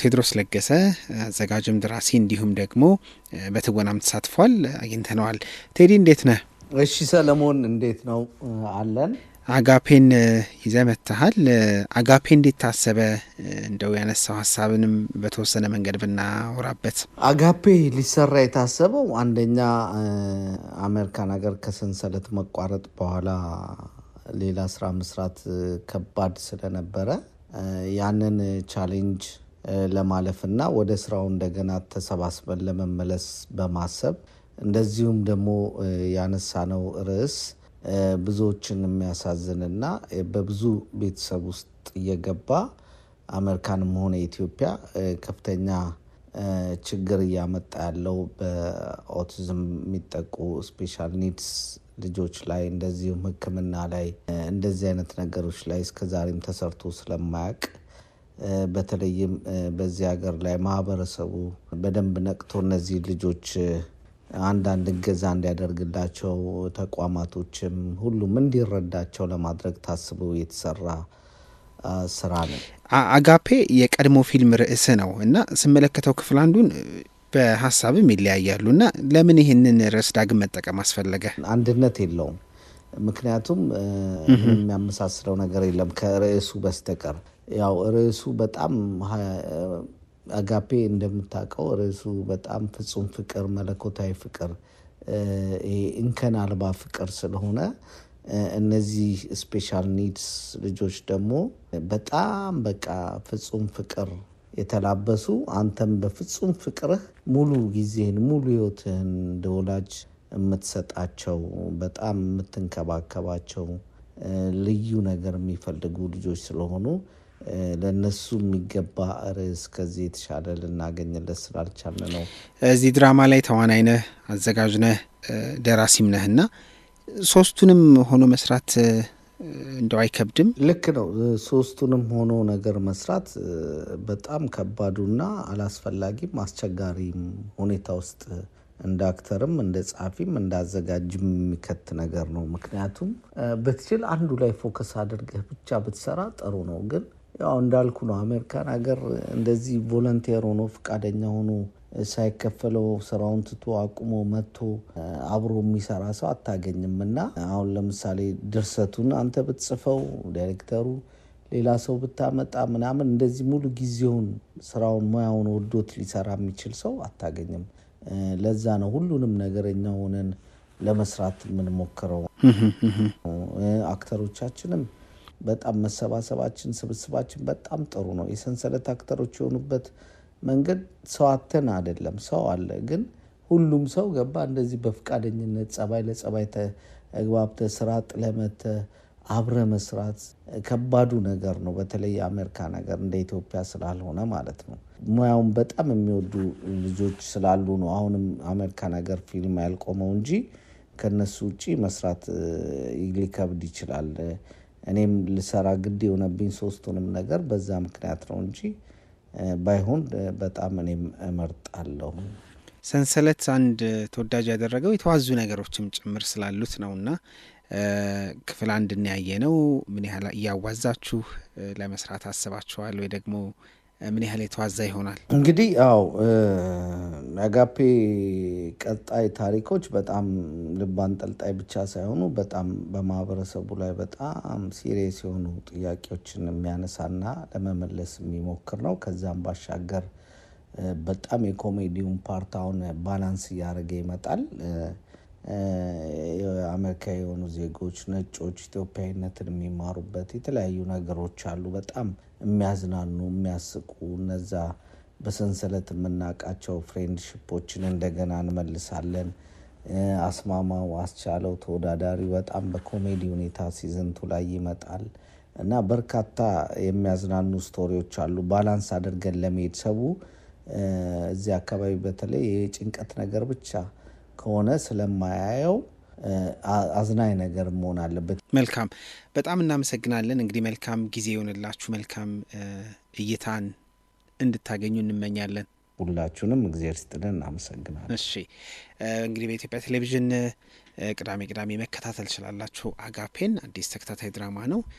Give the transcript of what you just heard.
ቴድሮስ ለገሰ አዘጋጅም ደራሲ እንዲሁም ደግሞ በትወናም ተሳትፏል። አግኝተነዋል። ቴዲ እንዴት ነህ? እሺ ሰለሞን እንዴት ነው አለን። አጋፔን ይዘ መትሃል። አጋፔ እንዴት ታሰበ? እንደው ያነሳው ሀሳብንም በተወሰነ መንገድ ብናወራበት። አጋፔ ሊሰራ የታሰበው አንደኛ አሜሪካን ሀገር ከሰንሰለት መቋረጥ በኋላ ሌላ ስራ መስራት ከባድ ስለነበረ ያንን ቻሌንጅ ለማለፍና ወደ ስራው እንደገና ተሰባስበን ለመመለስ በማሰብ እንደዚሁም ደግሞ ያነሳነው ርዕስ ብዙዎችን የሚያሳዝንና በብዙ ቤተሰብ ውስጥ እየገባ አሜሪካንም ሆነ ኢትዮጵያ ከፍተኛ ችግር እያመጣ ያለው በኦቲዝም የሚጠቁ ስፔሻል ኒድስ ልጆች ላይ እንደዚሁም ሕክምና ላይ እንደዚህ አይነት ነገሮች ላይ እስከዛሬም ተሰርቶ ስለማያውቅ በተለይም በዚህ ሀገር ላይ ማህበረሰቡ በደንብ ነቅቶ እነዚህ ልጆች አንዳንድ እገዛ እንዲያደርግላቸው ተቋማቶችም ሁሉም እንዲረዳቸው ለማድረግ ታስቦ የተሰራ ስራ ነው። አጋፔ የቀድሞ ፊልም ርዕስ ነው እና ስመለከተው ክፍል አንዱን በሀሳብም ይለያያሉ እና ለምን ይህንን ርዕስ ዳግም መጠቀም አስፈለገ? አንድነት የለውም። ምክንያቱም የሚያመሳስለው ነገር የለም ከርዕሱ በስተቀር ያው ርዕሱ በጣም አጋፔ እንደምታውቀው ርዕሱ በጣም ፍጹም ፍቅር፣ መለኮታዊ ፍቅር፣ እንከን አልባ ፍቅር ስለሆነ እነዚህ ስፔሻል ኒድስ ልጆች ደግሞ በጣም በቃ ፍጹም ፍቅር የተላበሱ አንተም በፍጹም ፍቅርህ ሙሉ ጊዜህን ሙሉ ህይወትህን እንደወላጅ የምትሰጣቸው በጣም የምትንከባከባቸው ልዩ ነገር የሚፈልጉ ልጆች ስለሆኑ ለነሱ የሚገባ ርዕስ ከዚህ የተሻለ ልናገኝለት ስላልቻለ ነው። እዚህ ድራማ ላይ ተዋናይ ነህ፣ አዘጋጅ ነህ፣ ደራሲም ነህ እና ሶስቱንም ሆኖ መስራት እንደው አይከብድም? ልክ ነው። ሶስቱንም ሆኖ ነገር መስራት በጣም ከባዱና አላስፈላጊም አስቸጋሪም ሁኔታ ውስጥ እንደ አክተርም እንደ ጸሐፊም እንደ አዘጋጅም የሚከት ነገር ነው። ምክንያቱም ብትችል አንዱ ላይ ፎከስ አድርገህ ብቻ ብትሰራ ጥሩ ነው። ግን ያው እንዳልኩ ነው። አሜሪካን ሀገር እንደዚህ ቮለንቴር ሆኖ ፈቃደኛ ሆኖ ሳይከፈለው ስራውን ትቶ አቁሞ መጥቶ አብሮ የሚሰራ ሰው አታገኝም። እና አሁን ለምሳሌ ድርሰቱን አንተ ብትጽፈው ዳይሬክተሩ ሌላ ሰው ብታመጣ ምናምን እንደዚህ ሙሉ ጊዜውን ስራውን ሙያውን ወዶት ሊሰራ የሚችል ሰው አታገኝም። ለዛ ነው ሁሉንም ነገር እኛ ሆነን ለመስራት የምንሞክረው። አክተሮቻችንም በጣም መሰባሰባችን ስብስባችን በጣም ጥሩ ነው። የሰንሰለት አክተሮች የሆኑበት መንገድ ሰው አተን አይደለም፣ ሰው አለ ግን ሁሉም ሰው ገባ እንደዚህ በፈቃደኝነት ጸባይ ለጸባይ ተግባብተ ስራ ጥለመተ አብረ መስራት ከባዱ ነገር ነው። በተለይ የአሜሪካ ነገር እንደ ኢትዮጵያ ስላልሆነ ማለት ነው። ሙያውን በጣም የሚወዱ ልጆች ስላሉ ነው አሁንም አሜሪካ ነገር ፊልም ያልቆመው እንጂ ከነሱ ውጭ መስራት ሊከብድ ይችላል። እኔም ልሰራ ግድ የሆነብኝ ሶስቱንም ነገር በዛ ምክንያት ነው እንጂ ባይሆን በጣም እኔም እመርጣለሁ። ሰንሰለት አንድ ተወዳጅ ያደረገው የተዋዙ ነገሮችም ጭምር ስላሉት ነውና ክፍል አንድ እናያየ ነው። ምን ያህል እያዋዛችሁ ለመስራት አስባችኋል ወይ ደግሞ ምን ያህል የተዋዛ ይሆናል? እንግዲህ ያው አጋፔ ቀጣይ ታሪኮች በጣም ልብ አንጠልጣይ ብቻ ሳይሆኑ በጣም በማህበረሰቡ ላይ በጣም ሲሪየስ የሆኑ ጥያቄዎችን የሚያነሳና ለመመለስ የሚሞክር ነው። ከዛም ባሻገር በጣም የኮሜዲውን ፓርታውን ባላንስ እያደረገ ይመጣል። አሜሪካ የሆኑ ዜጎች ነጮች ኢትዮጵያዊነትን የሚማሩበት የተለያዩ ነገሮች አሉ። በጣም የሚያዝናኑ የሚያስቁ እነዛ በሰንሰለት የምናውቃቸው ፍሬንድሽፖችን እንደገና እንመልሳለን። አስማማው አስቻለው ተወዳዳሪ በጣም በኮሜዲ ሁኔታ ሲዝንቱ ላይ ይመጣል እና በርካታ የሚያዝናኑ ስቶሪዎች አሉ። ባላንስ አድርገን ለመሄድ ሰቡ እዚህ አካባቢ በተለይ የጭንቀት ነገር ብቻ ከሆነ ስለማያየው አዝናኝ ነገር መሆን አለበት። መልካም በጣም እናመሰግናለን። እንግዲህ መልካም ጊዜ ይሆንላችሁ፣ መልካም እይታን እንድታገኙ እንመኛለን። ሁላችሁንም እግዜር ስጥልን። እናመሰግናለን። እሺ እንግዲህ በኢትዮጵያ ቴሌቪዥን ቅዳሜ ቅዳሜ መከታተል ችላላችሁ። አጋፔን አዲስ ተከታታይ ድራማ ነው።